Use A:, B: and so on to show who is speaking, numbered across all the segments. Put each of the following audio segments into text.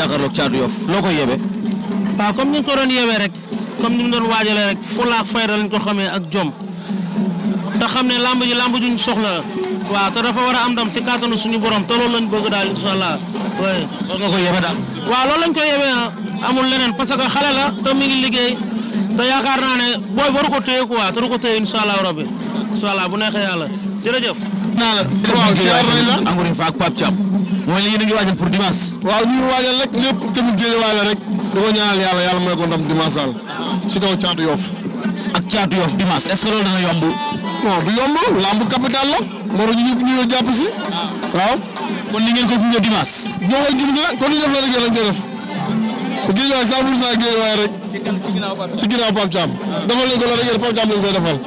A: jàkkaarloog caatu yof loo koy yebe waaw comme ni ñu ko doon yebee rek comme ni mu doon waajalee rek fulaak fayda lañ ko xamee ak jom te xam ne lamb ji soxla la waaw te dafa war a am ndam ci kàttanu suñu borom te loolu lañ bëgg daal incha allah oui. loolu nga koy yebe daal. waaw loolu lañ koy yebe ah. amul leneen parce que xale la te mi liggéey te yaakaar naa ne booy waru ko téye quoi te du ko téye incha allah rabbi incha allah bu neexee yàlla naa la. waaw siyaar nañ la encore une fois ak Pape Thiam. mooy li ñu ngi waajal pour dimanche. waaw ñu ngi waajal rek lépp tamit géejewaay la rek. di ko ñaanal yàlla yàlla mooy ko ndam dimanche daal. si kaw caatu yoof. ak caatu yoof dimanche est ce que loolu dana yomb. non lamb capital la. moro ñu ñu si. waaw. kon ni ko gunge dimanche. ñoo ngi koy gunge kon def la rek yéen a ngi koy def. géejewaay 100 pour 100 géejewaay rek. ci ginnaaw Pape Thiam. defal nañ ko loolu yéen Pape Thiam defal.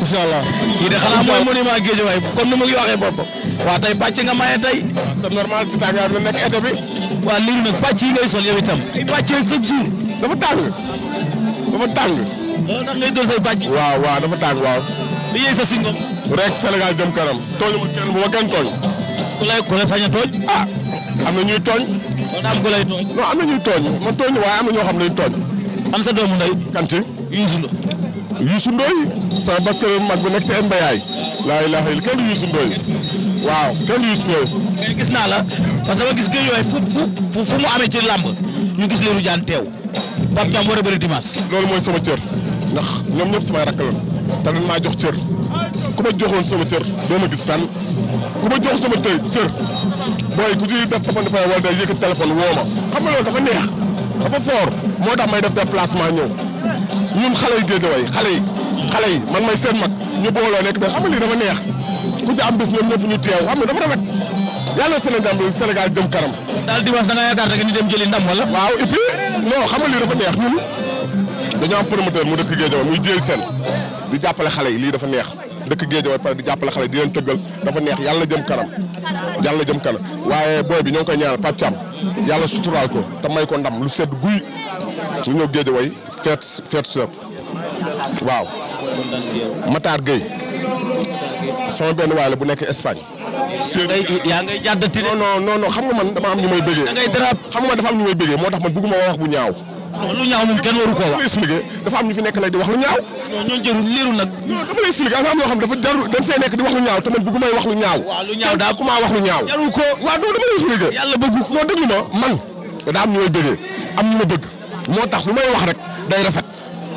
A: incha allah. lii de xanaa mooy monument géej waay comme ni ma ko waxee boppam. waa tey pàcc nga maye tey. waaw c'est normal ci tàngaay bi nekk été bi. waa liiru nag pàcc yi ngay sol yow itam. ay pàcc yeeg chaque jour. dafa tàng. dafa tàng. loolu nag ngay dóor say pàcc. waaw waaw dafa tàng waaw. li yee sa singom. rek Sénégal jëm kanam. tooñu ma kenn bu ma kenn tooñ. ku lay ku lay sañ a ah, am na ñuy tooñ. kon am ku lay na ñuy tooñ ma tooñ waaye am na ñoo xam ne ñuy tooñ am sa doomu ndey. Kanté Youssou Ndoye. Youssou Ndoye sa baskër mag bu nekk ci mbayaay laa ilaaha illa kenn Youssou Ndoye waaw kenn Youssou Ndoye. gis naa la parce que dama gis géej yooyu fu fu fu mu amee ci làmb ñu gis Lirou Diane teew Pape Thiam war a bëri dimanche. loolu mooy sama cër ndax ñoom ñëpp samay rakk lan te maa jox cër ku ma joxoon sama cër doo ma gis fenn ku ma jox sama tey cër booy ku ci def Papa Ndiaye wala day yëkkati téléphone woo xam nga loolu dafa neex. dafa fort moo tax may def déplacement ñëw ñun xale yi géejawaay xale yi xale yi man may seen mag ñu booloo nekk ba xam nga lii dama neex ku ci am bis ñoom ñëpp ñu teew xam nga dafa rafet yàlla Sénégal Sénégal jëm kanam. daal dimanche da nga yaakaar da ñu dem jëli ndam wala. waaw xam nga lii dafa neex ñun dañoo am promoteur mu dëkk géejawaay muy jéel seen di jàppale xale yi lii dafa neex dëkk géejawaay pare di jàppale xale yi di leen tëggal dafa neex yàlla jëm kanam yàlla jëm kanam waaye booy bi ñoo koy ñaanal Pape Thiam yàlla suturaal ko te may ko ndam lu sedd guy ñu ñëw géej way feet fet sëpp waaw Matar Gueye sama benn waay la bu nekk Espagne. yaa ngay jàddati non non non xam nga man dama am ñu may bëggee. xam nga dafa am ñu may bëggee moo tax man bëgguma wax bu ñaaw. non lu ñaaw kenn waru koo wax. expliqué dafa am ñu fi nekk nag di wax lu ñaaw. non ñoo jërul leerul nag. non am yoo xam dafa jarul dañ fee nekk di wax lu ñaaw te man bëggumay wax daa kuma wax lu ñaaw. jarul ko waaw non dama lay expliqué. yàlla bëgg ko non ma man daa am ñu may bëggee ma bëgg moo tax lu may wax rek day rafet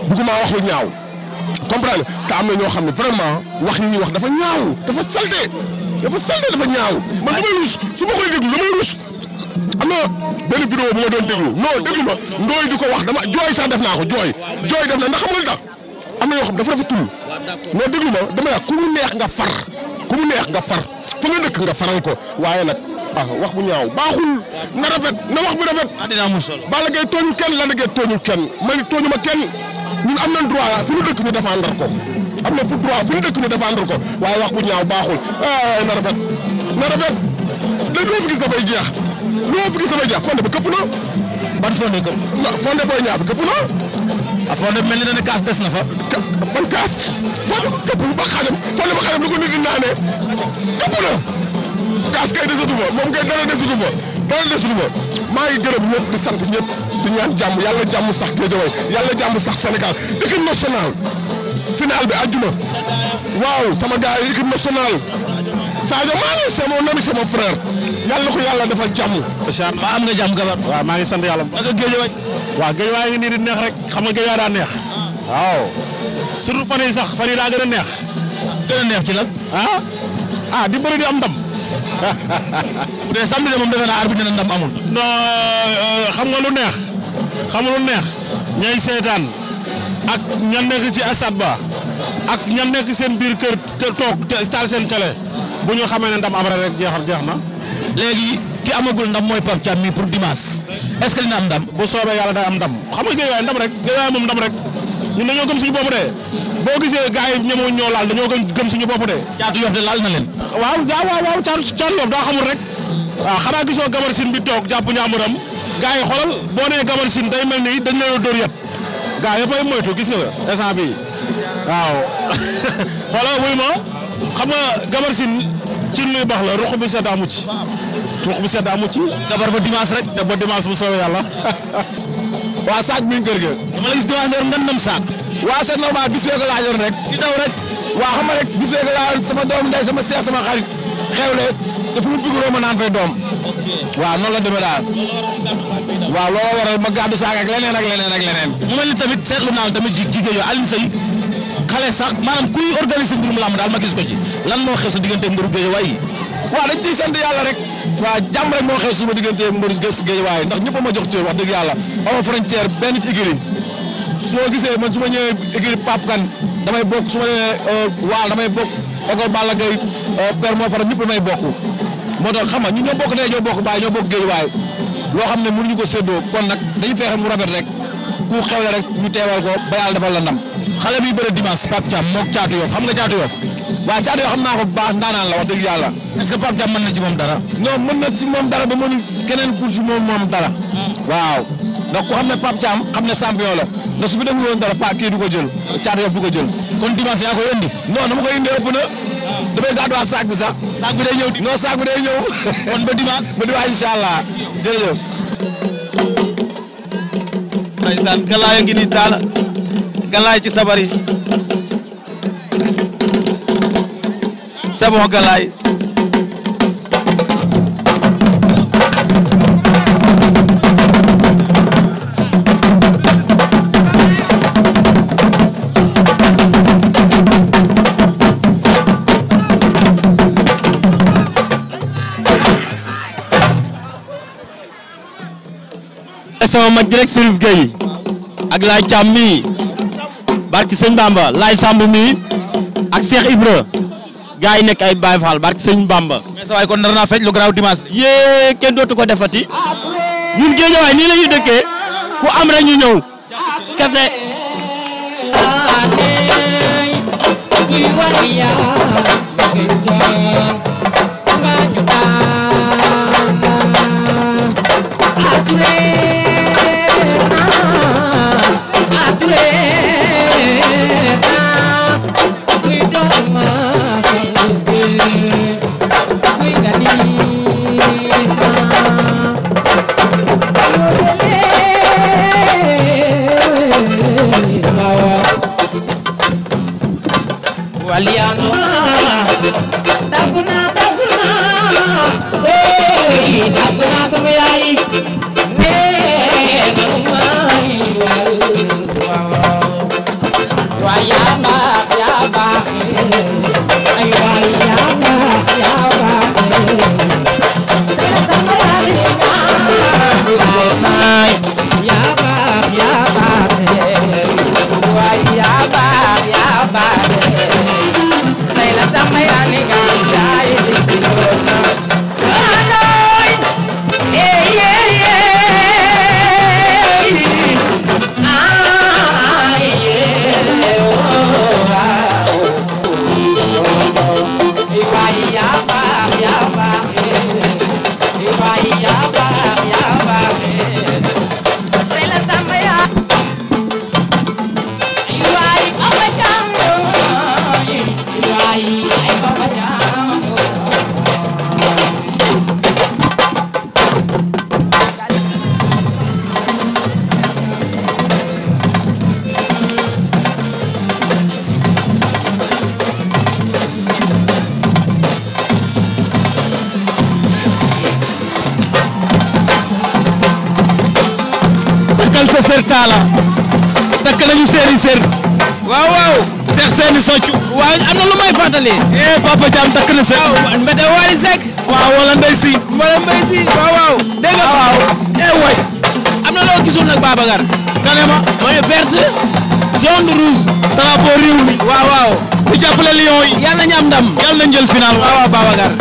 A: bëgguma wax lu ñaaw comprendre te am na ñoo xam ne vraiment wax yi ñuy wax dafa ñaaw dafa salté dafa salté dafa ñaaw man damay rus su ma koy déglu damay rus am na benn vidéo bu ma doon déglu non déglu ma ndooy di ko wax dama jooy sax def naa ko jooy jooy def na ndax xam nga lu am na yoo xam dafa dafa tull non déglu ma dama yàgg ku mu neex nga far ku mu neex nga far fa nga dëkk nga faral ko waaye nag ah wax bu ñaaw baaxul na rafet na wax bu rafet. ah dinaa amul solo Balla Gaye tooñul kenn Lac de Guiers tooñul kenn man tooñu ma kenn am nañ droit fu ñu dëkk ñu défendre ko am na fu droit fu ñu dëkk ñu défendre ko waaye wax bu ñaaw baaxul ah na rafet na rafet dañoo fi gis dafay jeex. loo fi gis dafay jàpp fonde ba këpp na. ban fonde këpp. non fonde booy ñaar bi këpp na. ah ni ne kaas des na fa. ban kaas. fonde ko këpp ba xalam fonde ba xalam lu ko nit di naanee këpp na. kaas kay desatu fa moom kay dara desatu fa dara desatu fa maa ngi gërëm ñëpp di sant ñëpp di ñaan jàmm yàlla jàmm sax Guédiawaye yàlla jàmm sax Sénégal équipe nationale final bi àjjuma waaw sama gars yi équipe nationale Sadio Mané c'est mon ami yàlla ko yàlla defal jàmm. incha allah maa am nga jàmm gabar. waaw maa ngi sant yàlla. naka géejewaay. waaw géejewaay ngi nii di neex rek xam nga géejewaay daa neex. waaw. surtout fan yii sax fan yii daa gën a neex. gën a neex ci la ah? ah di bëri di am ndam. bu dee moom defe naa na ndam amul. non euh, xam nga lu neex. xam nga lu neex. ñay seetaan. ak ñan nekk ci stade ba. ak ñan nekk seen biir kër te toog taal seen télé. bu ñu xamee ne ndam am rek jeex jeex na. léegi ki amagul ndam mooy Pape Thiam mi pour dimanche est ce que dina am ndam. bu soobee yàlla day am ndam xam nga Guédiawaye ndam moom rek ñun dañoo gëm suñu bopp de boo gisee gars yi ñoo laal dañoo gëm suñu bopp de. caatu Yoff de laal na leen. waaw waaw waaw caatu caatu daa xamul rek waaw xanaa gisoo Gamar Sine bi toog jàpp ñaamuram gars yi xoolal boo nee Gamar Sine day mel ni dañ leen dóor yëpp gars yëpp ay moytu gis nga bi waaw xoolal wuy ma xam ci luy baax la ruq bi sedd amu ci ruq bi sedd amu ci dabar ba rek da ba dimanche bu soobee yàlla waa saak mi kër ga dama la gis dimanche door ngan nam saak waa c'est normal bis bee ko laajoon rek daw rek waa xam rek bis bee ko sama doom ndey sama seex sama xarit xewle dafa mu bugg ma naan fay doom waaw noonu la demee daal waaw looloo waral ma gàddu saak ak leneen ak leneen ak leneen mu mel ni tamit seetlu naa tamit jigéen yooyu Alioune Seye xale sax maanaam kuy organiser mbirum daal ma gis ko ci lan moo xew sa diggante mbëru Géejawaay waa dañ ciy sant yàlla rek waaw jàmm rek moo xew suma diggante mbëru Géejawaay ndax ñëpp a ma jox cër wax dëgg yàlla ama frontière benn ci igiri soo gisee man su ma ñëwee igiri Pape Kane damay bokk su ma nee euh, waal damay bokk école Balla Gaye euh, père moo faral ñëpp damay bokk moo tax xam nga ñu ñoo bokk ne ñoo bokk baay ñoo bokk Géejawaay loo xam ne mënuñu ko séddoo kon nag dañu fexe mu rafet rek ku xewle rek ñu teewal ko ba yàlla defal la ndam xale bi bëre dimanche Pape Thiam moog Caatu Yoff xam nga Caatu Yoff waaw Caatu Yoff xam naa ko bu baax ndaanaan la wax dëgg yàlla est-ce na ci moom dara non na ci moom dara ba mënul keneen ku moom moom hmm. waaw ndax ku xam ne Pape Thiam ne champion la ndax su fi deful woon dara ko jël Caatu Yoff du ko jël kon dimanche yaa koy indi non na ma koy indi ëpp na hmm. damay gàdduwaat saak bi sax saak bi day ñëw non saak kon ba dimanche ba dimanche incha allah jërëjëf ndeysaan kalaa ya ngi galaay ci sabar yi c'est bon galaay sama mag ji rek Serif Gueye ak laay càmm mi barki sëñ Bamba laay Samb mii ak Cheikh Ibra gaa nekk ay Baye Fall barki sëñ Bamba. mais waay kon nar naa fecc lu garaaw dimanche. yee kenn dootu ko defati ñun géejawaay nii la ñuy dëkkee am rek ñëw kese. takkal sa sër taala takk nañu seeni sër waaw waaw seex seeni soccu waaw am na lu may fàttali eh papa Thiam takk na sër waaw mbete Wally Seck waaw wala Ndeye Sy wala Mbaye Sy waaw waaw dégg nga waaw eh way am na loo gisul nag Babacar nga ne ma mooy verte zone rouge drapeau réew mi waaw waaw di jàppale Lions yi yàlla ñu am ndam yàlla ñu jël final waaw waaw Babacar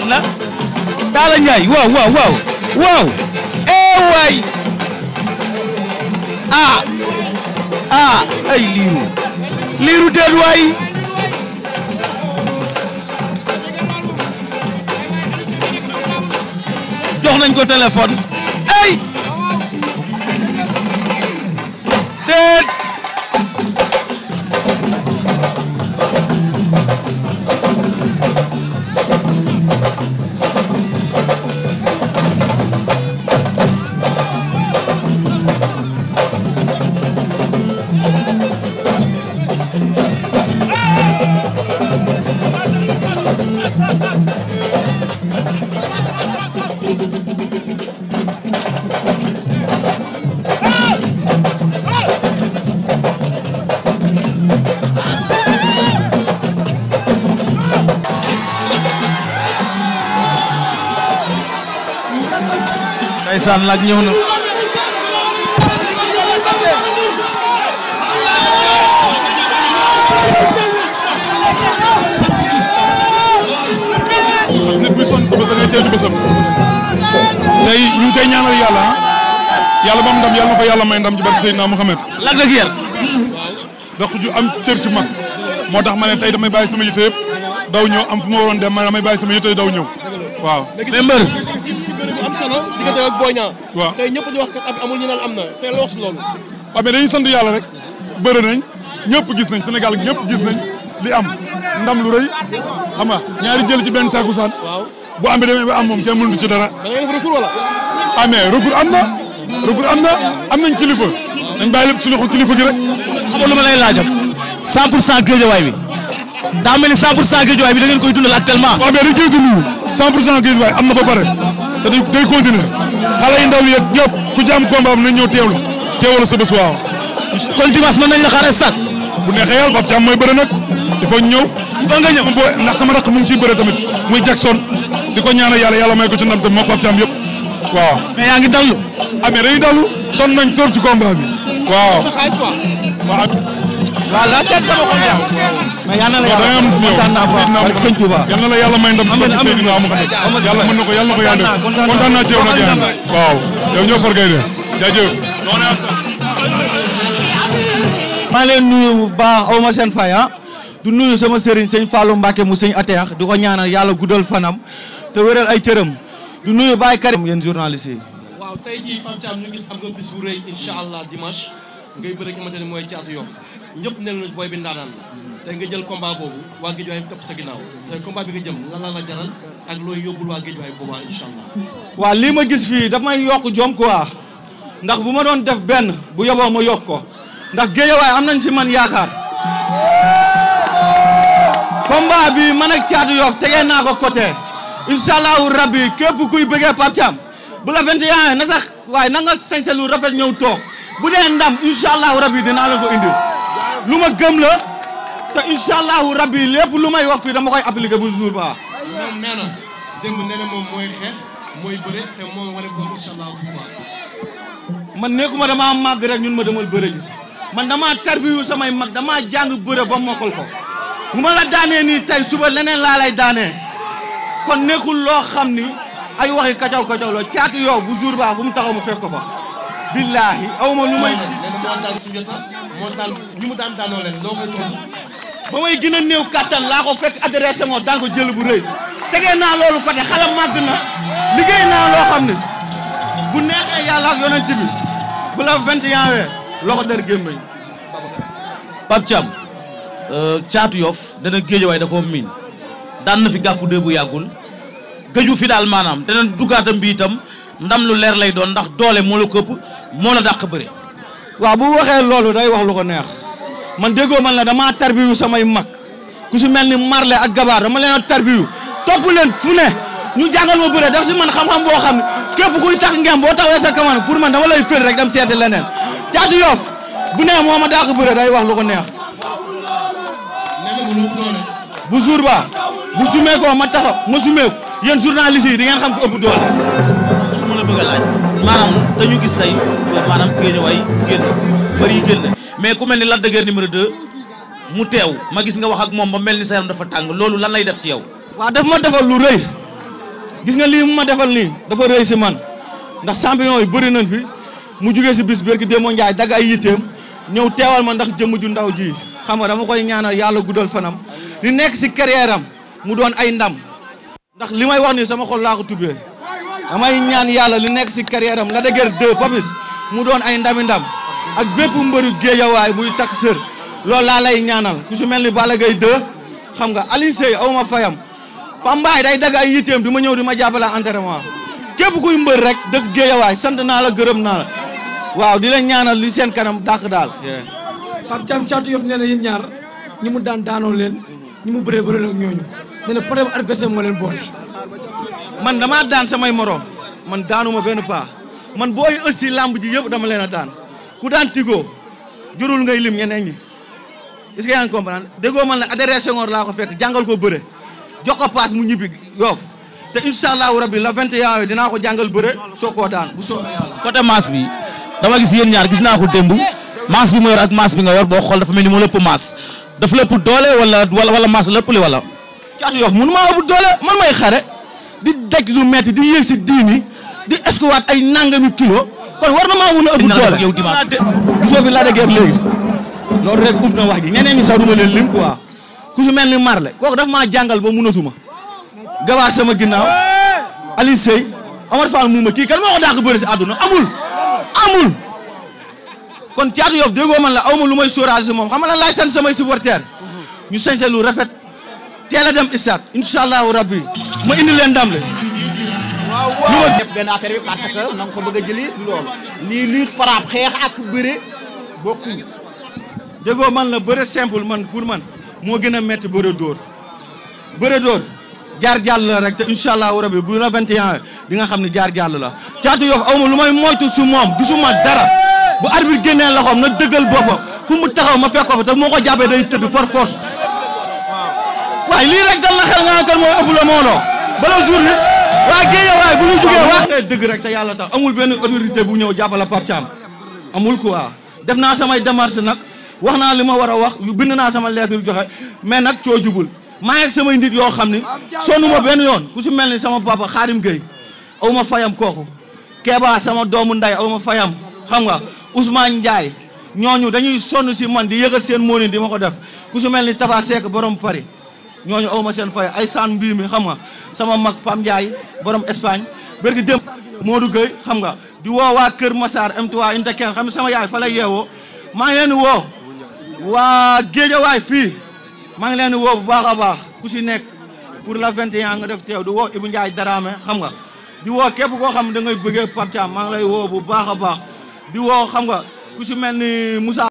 A: xalaat la Talla Ndiaye waaw waaw waaw waaw ee eh, waay ah, ah, liiru liiru déet waay jox nañ ko téléphone ndeysaan laaj ñëw na nit buy sonn sa bés da ngay teew ci bésam ñaanal yàlla yàlla ba ndam yàlla na ko yàlla may ndam ci barke Seydina Mouhamed Lac de Guiers dox ju am cër ci moo tax ma ne tey damay bàyyi sama yitte yëpp daw ñëw am fu ma waroon dem ma damay bàyyi sama yitte daw ñëw waaw mais solo diggante ak Boy Niang waaw tey ñëpp di wax kat ab amul ñu naan am na tey la wax si loolu waaw mais dañuy sant yàlla rek bëri nañ ñëpp gis nañ Sénégal ñëpp gis nañ li am ndam lu rëy xam ñaari jël ci benn tàkkusaan bu amee demee ba am da ngay def recours wala ah mais recours am na recours am na am nañ kilifa dañ bàyyi lépp suñu xol kilifa gi rek xam lu ma lay laajam 100 pour cent géejawaay bi daa ni 100 pour cent géejawaay bi da ngeen koy dundal actuellement waaw mais dañ koy dund 100 pour cent géejawaay am na ba pare te day day continuer xale yi ndaw yeeg ñëpp ku ci am combat am nañ ñëw teewlu teewlu sa bés waaw. kon dimanche mën nañ la xaar sax. bu neexee yàlla Pape Thiam mooy bëre nag dafa ñëw. fa nga ñëw boo ndax sama rakk mu ngi ciy bëre tamit muy Jackson di ko ñaanal yàlla yàlla may ko ci ndam tamit moom Pape Thiam yëpp waaw. mais yaa ngi dallu. ah mais dañuy dallu sonn nañ trop ci combat bi. waaw. waaw. waaw la seet sama xol mais na la yàlla kontaan naa quoi ak sëñ Touba. yal na la yàlla may na ko yàlla na ko yaa def leen nuyu bu baax aw ma seen fay ah. du nuyu sama sëriñ sëñ Fallou Mbacke mu sëñ Ateex di ko ñaanal yàlla guddal fanam te wéral ay cëram du nuyu Baye Karim yéen journaliste yi. waaw tey jii booy bi ndaanaan la tey nga jël combat boobu waa Guédiawaye topp sa ginnaaw tey combat bi nga jëm lan la la jaral ak looy yóbbul waa Guédiawaye boobaa incha allah. waaw lii ma gis fii daf may yokk jom quoi ndax bu ma doon def benn bu yoboo ma yokko ko ndax Guédiawaye am nañ si man yaakaar. combat bi man ak Thiatou Yoff tegee naa ko côté incha allahu rabbi képp kuy bëggee Pape Thiam bu la 21 na sax waaye na nga sañse lu rafet ñëw toog bu dee ndam incha allahu rabbi dinaa la ko indil lu ma gëm la. te incha allahu rabbi lépp lu may wax fii dama koy appliqué bu jour ba. moom nee na démb nee na moom mooy xeex mooy bëre te moom wane man nekkuma damaa màgg rek ñun ma demal bëre ñu man damaa tarbiyu samay mag damaa jàng bëre ba mokkal ko bu ma la daanee nii tey suba leneen laa lay daanee kon nekkul loo xam ni ay waxi kacaw kacaw la caatu yow bu jour ba fu mu taxaw mu fekk ko fa. billaahi awma lu may. moo daan ñu mu daan daanoo leen loo koy ba may gën a néew kàttan laa ko fekk adressé moo daan ko jël bu rëy tegee naa loolu côté xala màgg na liggéey naa loo xam ne bu neexee yàlla ak yonent bi bu la 21 wee loxo der gémmañ Pape euh, caatu yof dana géejawaay da koo miin daan na fi gàkku dee bu yàggul gëju fi daal maanaam dana duggaatam bi itam ndam lu leer lay doon ndax doole moo la këpp moo la dàq bëre waaw bu waxee loolu day wax lu ko neex man déggoo man na damaa tarbiyu samay mag ku si mel ni Marley ak Gabaar dama leen a tarbiyu topp leen fu ne ñu jàngal ma bëre daf si man xam-xam boo xam képp kuy tax ngeen boo taxawee sa kaman pour man dama lay fël rek dem seeti leneen Caatu Yoff bu ne moo ma dàq bëre day wax lu ko neex. bu jour ba bu sumeekoo ma taxaw ma sumee ko yéen naa yi di ngeen xam ko ëpp doole. ma la bëgg a laaj maanaam dañu gis tey maanaam génn way génn bëri génn. mais ku mel ni Lac de Guiers numéro 2 mu teew ma gis nga wax ak moom ba mel ni sa yaram dafa tàng loolu lan lay def ci yow. waa daf ma defal lu rëy gis nga lii mu ma defal nii dafa rëy si man ndax champion yi bëri nañ fi mu jugee si bis berki Demba Ndiaye dagg ay yitteem ñëw teewal ma ndax jëmm ju ndaw ji xam nga dama koy ñaanal yàlla guddal fanam li nekk si carrière mu doon ay ndam ndax li may wax nii sama xol laa ko tubbee damay ñaan yàlla li nekk si carrière am la dëgër deux mu doon ay ndami ndam. ak bépp mbëru géejawaay buy takk sër loolu laa lay ñaanal ku si mel ni Balla Gaye xam nga Alioune Seye aw ma fayam Pambaay day dagg ay yitteem di ma ñëw di ma jàppale entraînement képp kuy mbër rek dëkk géejawaay sant naa la gërëm naa la waaw di la ñaanal li seen kanam dàq daal. Pape Thiam Thiatou Yoff nee na yéen ñaar ñi mu daan daanoo leen ñi mu bëree bëree ak ñooñu nee na problème adversaire leen boole. man dama daan samay morom man daanuma benn paa man booy aussi lamb ji yëpp dama leen a daan. ku daan tigoo jurul ngay lim ñeneen ñi est-ce que yaa ngi comprendre déggoo man nag adhéré Senghor laa ko fekk jàngal ko bëre jox ko paas mu ñibbi yoof te incha allahu rabi la 21 dinaa ko jàngal bëre soo koo daan bu soobee yàlla. côté masse bi dama gis yéen ñaar gis naa ko démb masse bi ma ak masse bi nga yor boo xool dafa mel ni moo lépp masse dafa lépp doole wala wala wala masse lépp li wala. caatu yoof mënu maa ëpp doole man may xare di daj lu metti di yéeg si diini di escouade ay nangami kilo kon war na maa mun a ëpp doole yow dimanche gisoo fi Lac de Guiers léegi loolu rek ut na wax ji ñeneen ñi sax du ma leen lim quoi ku si mel ni Marley kooku daf maa jàngal ba munatuma gabaar sama ginnaaw Alioune Seye Omar Fall muuma kii kan moo ko dàq bëri si àdduna amul amul kon caatu Yoff déggoo man la awma lu may sóoraale si moom xam nga lan laay sant samay supporters ñu sañse lu rafet teel a dem istaat incha allahu rabbi ma indi leen ndam le ñu def benn que na nga ko bëgg a lii lutte frappe xeex ak bëre bokkuñu déggoo man la bëre simple man pour man moo gën a métti bëre dóor bëre dóor jaar jàll la rek te incha allahu rabi bu la 21 di nga xam ne jaar jàll la caatu yof awma lu may moytu su moom du suma dara bu arbitre génnee loxoom na dëggal boppam fu mu taxaw ma fekk ko fa te moo ko jàppee day tëdd for force waaye lii rek dal la xel nga kan mooy ëpp la moo bala jour bi waa géej bu ñu jugee waa dëgg rek te yàlla tax amul benn autorité bu ñëw jàppale Pape Thiam amul quoi def naa samay démarche nag wax naa li ma war a wax yu bind naa sama lettre yu joxe mais nag coo maa ngi ak samay yoo xam ni sonnu ma benn yoon ku si mel ni sama papa Xaarim Gueye aw ma fayam kooku Kéba sama doomu nday aw ma fayam xam nga Ousmane Ndiaye ñooñu dañuy sonn si man di yëgal seen moonin di ma ko def ku si mel ni Tafa seek borom Paris ñooñu aw ma seen fay ay saan mbii mi xam nga sama mag Pam Ndiaye borom Espagne bërgi dem Modou Gueye xam nga di woo waa Kër Massar M3 unité 15 xam nga sama yaay fa lay yeewoo maa ngi leen di woo waa Géejawaay fii maa ngi leen di woo bu baax a baax ku si nekk pour la 21 nga def teew di woo Ibou Ndiaye Darame xam nga di woo képp koo xam ne da ngay bëggee Pape maa ngi lay woo bu baax a baax di woo xam nga ku si mel ni Moussa